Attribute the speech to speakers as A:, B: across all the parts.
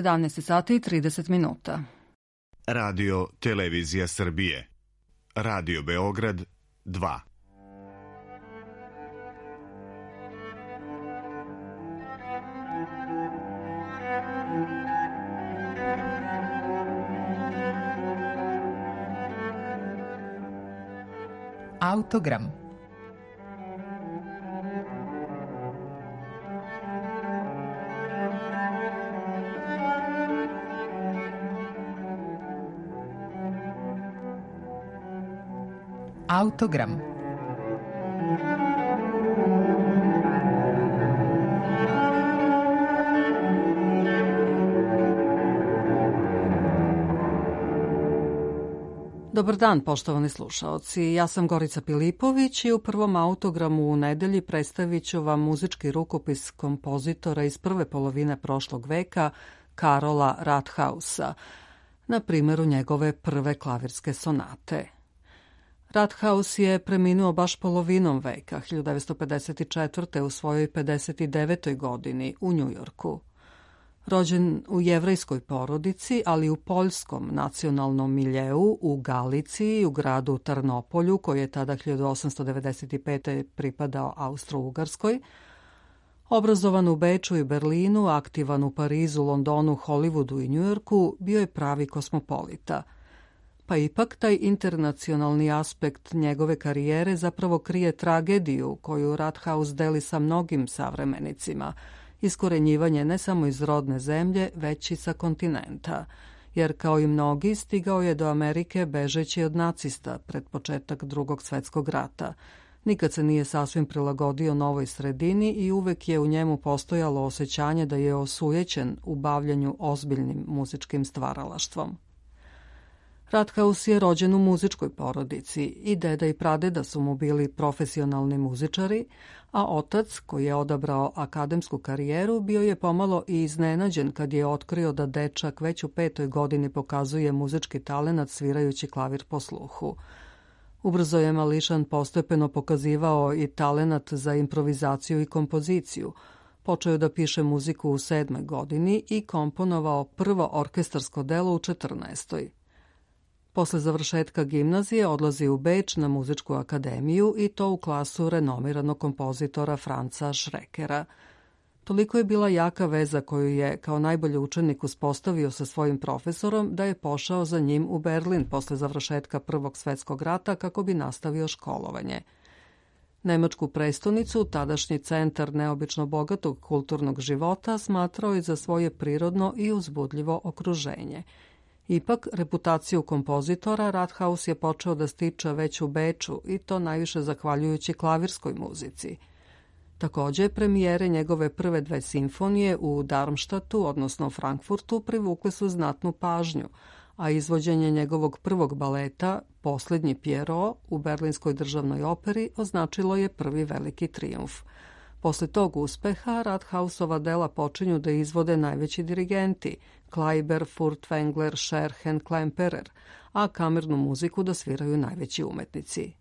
A: 17 sati i 30 minuta. Radio Televizija Srbije. Radio Beograd 2. Autogram Autogram. Dobar dan, poštovani slušaoci. Ja sam Gorica Pilipović i u prvom autogramu u nedelji predstavit ću vam muzički rukopis kompozitora iz prve polovine prošlog veka, Karola Rathausa, na primjeru njegove prve klavirske sonate – Stadhaus je preminuo baš polovinom veka, 1954. u svojoj 59. godini u Njujorku. Rođen u jevrejskoj porodici, ali u poljskom nacionalnom miljeu u Galiciji, u gradu Trnopolju, koji je tada 1895. pripadao Austro-Ugarskoj, Obrazovan u Beču i Berlinu, aktivan u Parizu, Londonu, Hollywoodu i Njujorku, bio je pravi kosmopolita – pa ipak taj internacionalni aspekt njegove karijere zapravo krije tragediju koju Rathaus deli sa mnogim savremenicima, iskorenjivanje ne samo iz rodne zemlje, već i sa kontinenta, jer kao i mnogi stigao je do Amerike bežeći od nacista pred početak drugog svetskog rata. Nikad se nije sasvim prilagodio novoj sredini i uvek je u njemu postojalo osjećanje da je osujećen u bavljanju ozbiljnim muzičkim stvaralaštvom. Ratkaus je rođen u muzičkoj porodici i deda i pradeda su mu bili profesionalni muzičari, a otac, koji je odabrao akademsku karijeru, bio je pomalo i iznenađen kad je otkrio da dečak već u petoj godini pokazuje muzički talenat svirajući klavir po sluhu. Ubrzo je Mališan postepeno pokazivao i talenat za improvizaciju i kompoziciju. Počeo je da piše muziku u sedmoj godini i komponovao prvo orkestarsko delo u četrnaestoj – Posle završetka gimnazije odlazi u Beč na muzičku akademiju i to u klasu renomiranog kompozitora Franca Šrekera. Toliko je bila jaka veza koju je kao najbolji učenik uspostavio sa svojim profesorom da je pošao za njim u Berlin posle završetka Prvog svetskog rata kako bi nastavio školovanje. Nemačku prestonicu, tadašnji centar neobično bogatog kulturnog života, smatrao je za svoje prirodno i uzbudljivo okruženje – Ipak, reputaciju kompozitora Rathaus je počeo da stiče već u Beču i to najviše zahvaljujući klavirskoj muzici. Takođe, premijere njegove prve dve simfonije u Darmštatu, odnosno Frankfurtu, privukle su znatnu pažnju, a izvođenje njegovog prvog baleta, Poslednji Pierrot, u Berlinskoj državnoj operi označilo je prvi veliki trijumf. Posle tog uspeha Rathausova dela počinju da izvode najveći dirigenti – Kleiber, Furtwängler, Scherhen, Klemperer, a kamernu muziku da sviraju najveći umetnici.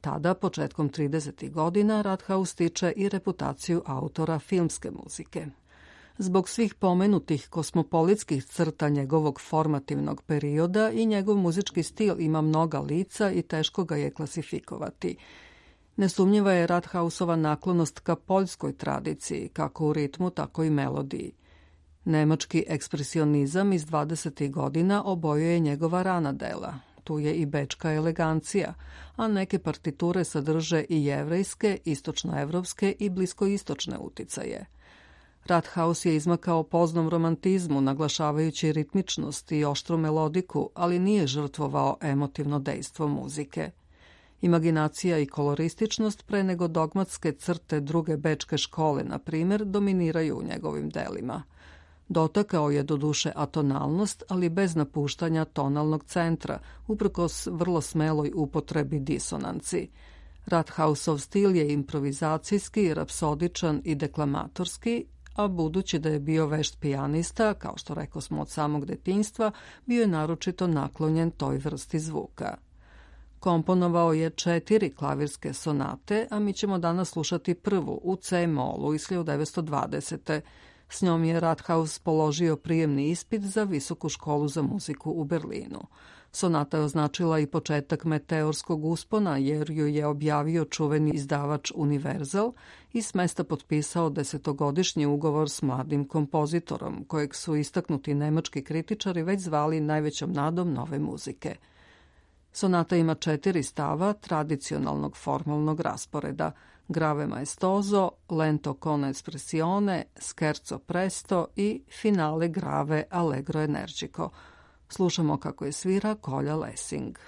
A: Tada, početkom 30. godina, Rathaus stiče i reputaciju autora filmske muzike. Zbog svih pomenutih kosmopolitskih crta njegovog formativnog perioda i njegov muzički stil ima mnoga lica i teško ga je klasifikovati. Nesumnjiva je Rathausova naklonost ka poljskoj tradiciji, kako u ritmu, tako i melodiji – Nemački ekspresionizam iz 20. godina obojuje njegova rana dela. Tu je i bečka elegancija, a neke partiture sadrže i jevrejske, istočnoevropske i bliskoistočne uticaje. Rathaus je izmakao poznom romantizmu, naglašavajući ritmičnost i oštru melodiku, ali nije žrtvovao emotivno dejstvo muzike. Imaginacija i kolorističnost pre nego dogmatske crte druge bečke škole, na primer, dominiraju u njegovim delima – Dotakao je do duše atonalnost, ali bez napuštanja tonalnog centra, uprkos vrlo smeloj upotrebi disonanci. Rathausov stil je improvizacijski, rapsodičan i deklamatorski, a budući da je bio vešt pijanista, kao što rekao smo od samog detinjstva, bio je naročito naklonjen toj vrsti zvuka. Komponovao je četiri klavirske sonate, a mi ćemo danas slušati prvu u C molu iz 1920. S njom je Rathaus položio prijemni ispit za Visoku školu za muziku u Berlinu. Sonata je označila i početak meteorskog uspona jer ju je objavio čuveni izdavač Universal i s mesta potpisao desetogodišnji ugovor s mladim kompozitorom, kojeg su istaknuti nemački kritičari već zvali najvećom nadom nove muzike – Sonata ima četiri stava tradicionalnog formalnog rasporeda grave maestoso, lento con espressione, scherzo presto i finale grave allegro energico. Slušamo kako je svira Kolja Lessing.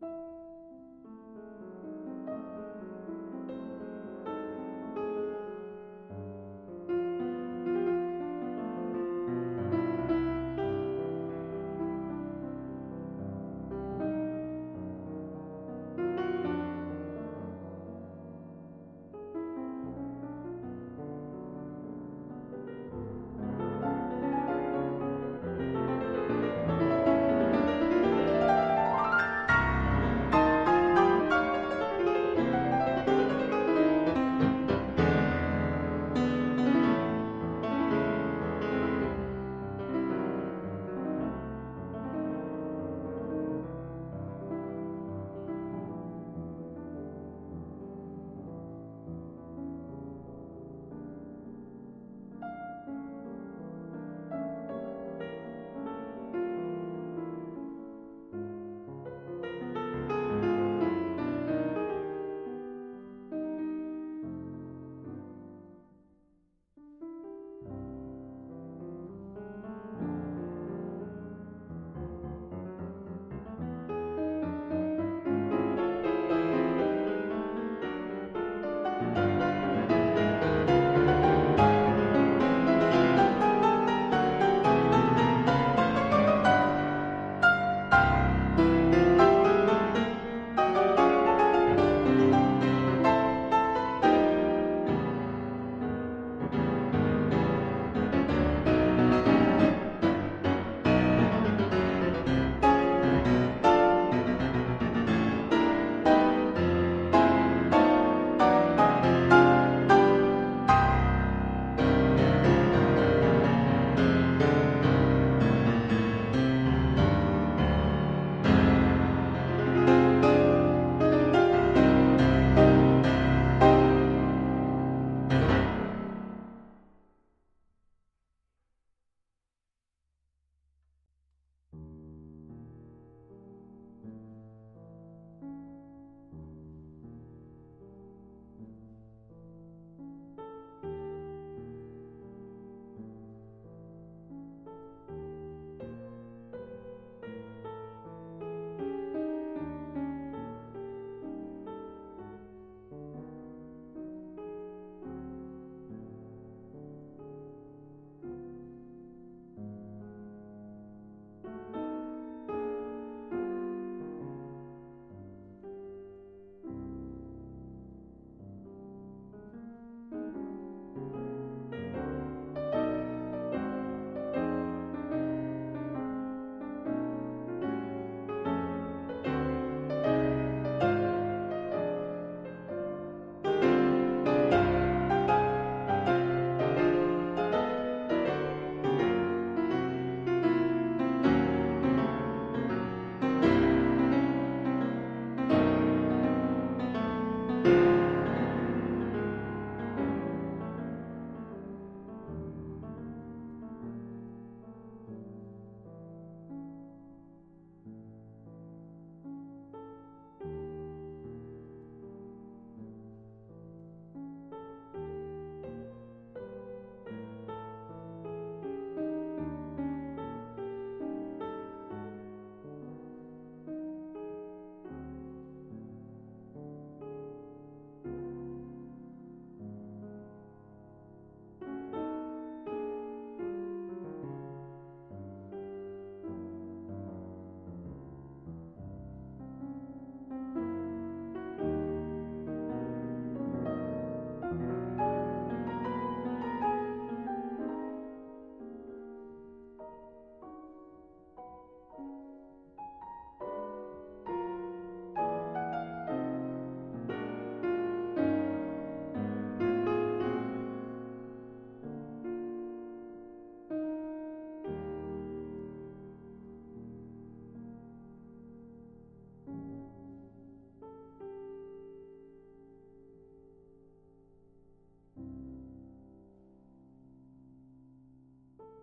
B: thank you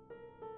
B: Thank you.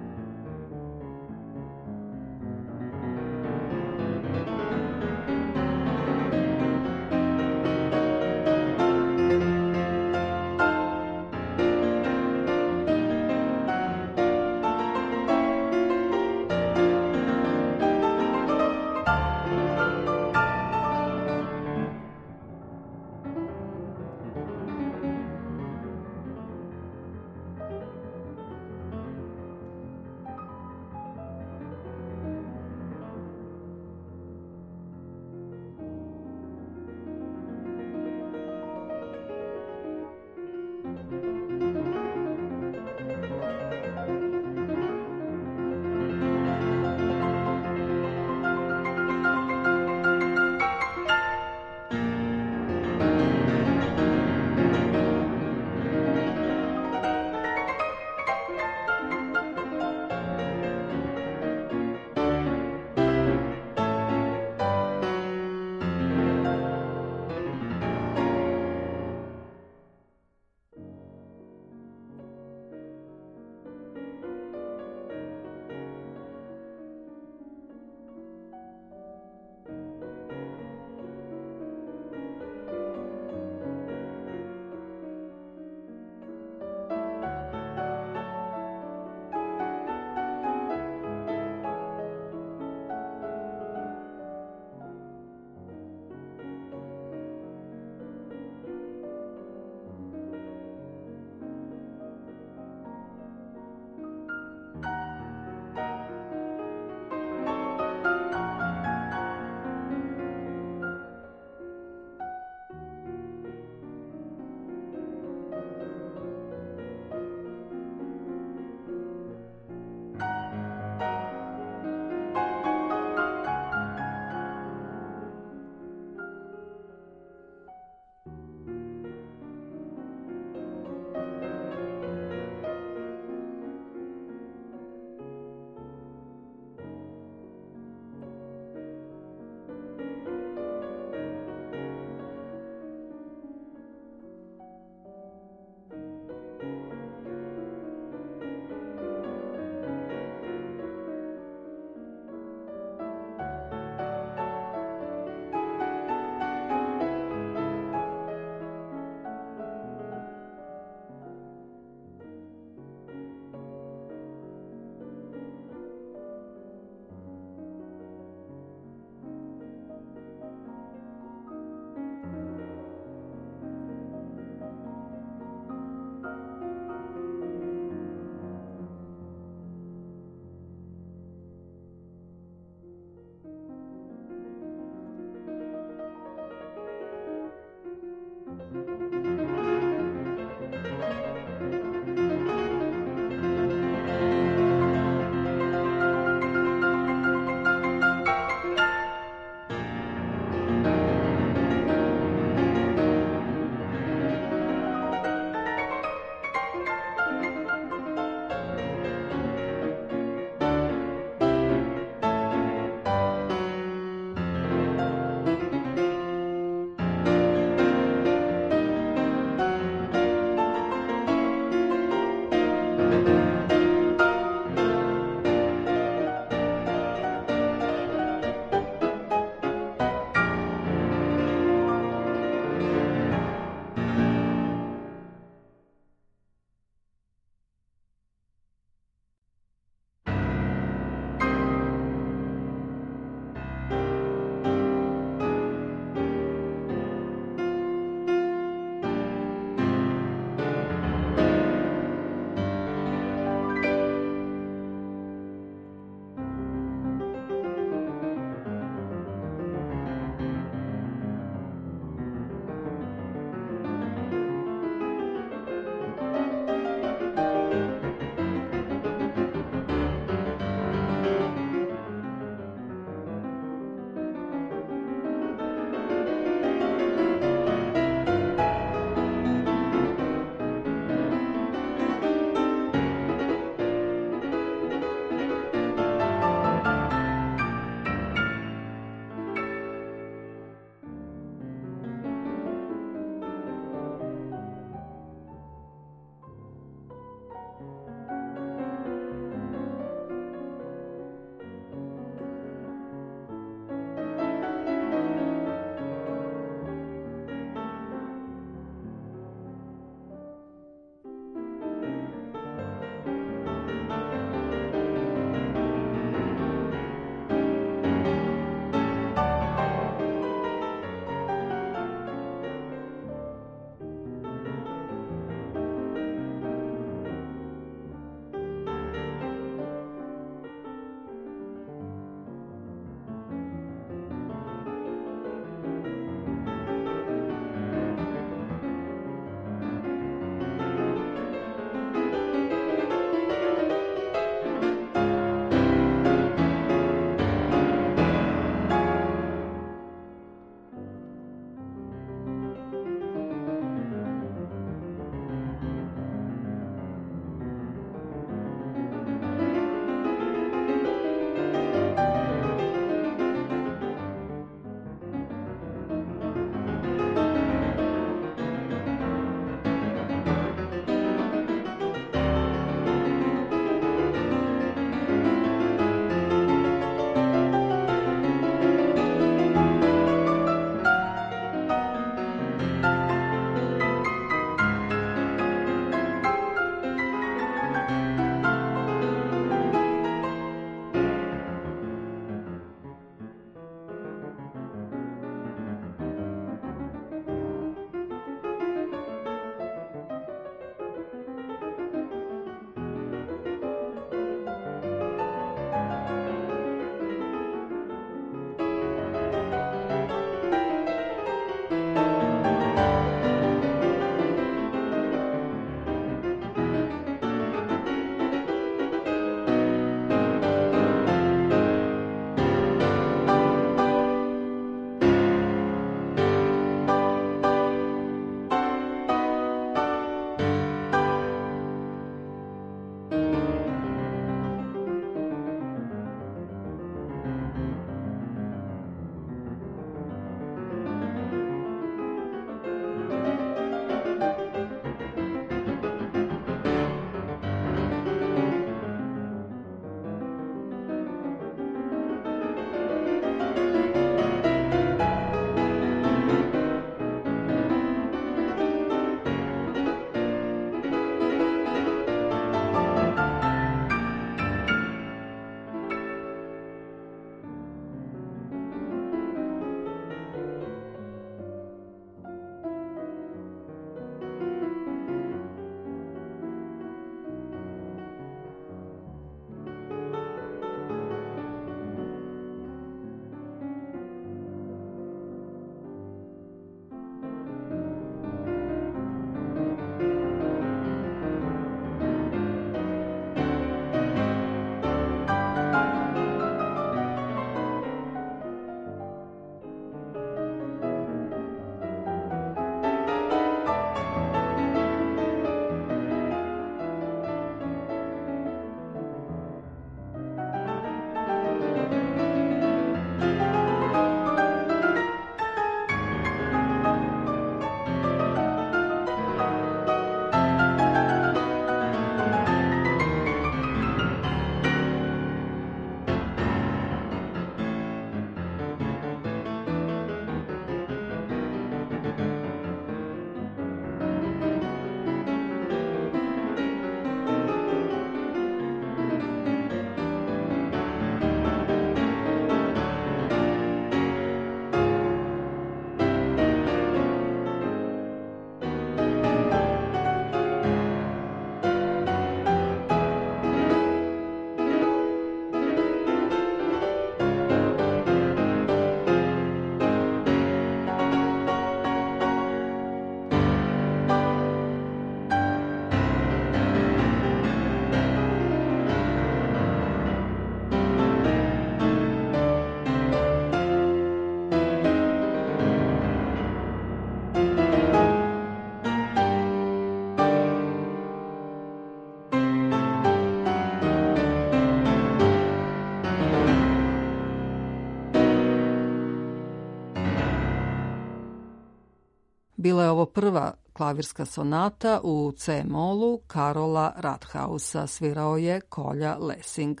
A: Bila je ovo prva klavirska sonata u C-molu Karola Rathausa, svirao je Kolja Lessing.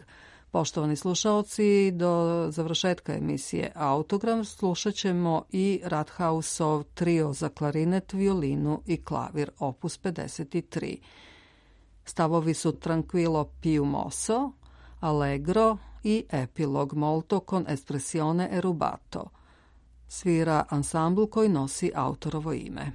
A: Poštovani slušaoci, do završetka emisije Autogram slušat ćemo i Rathausov trio za klarinet, violinu i klavir, opus 53. Stavovi su Tranquillo Piumoso, Allegro i epilog molto con espressione erubato – svira ansambl koji nosi autorovo ime.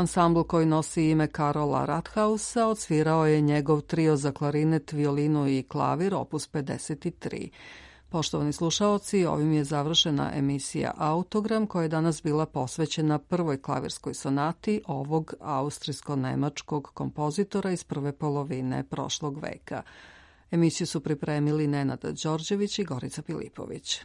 A: Ansambl koji nosi ime Karola Rathausa odsvirao je njegov trio za klarinet, violinu i klavir opus 53. Poštovani slušaoci, ovim je završena emisija Autogram koja je danas bila posvećena prvoj klavirskoj sonati ovog austrijsko-nemačkog kompozitora iz prve polovine prošlog veka. Emisiju su pripremili Nenada Đorđević i Gorica Pilipović.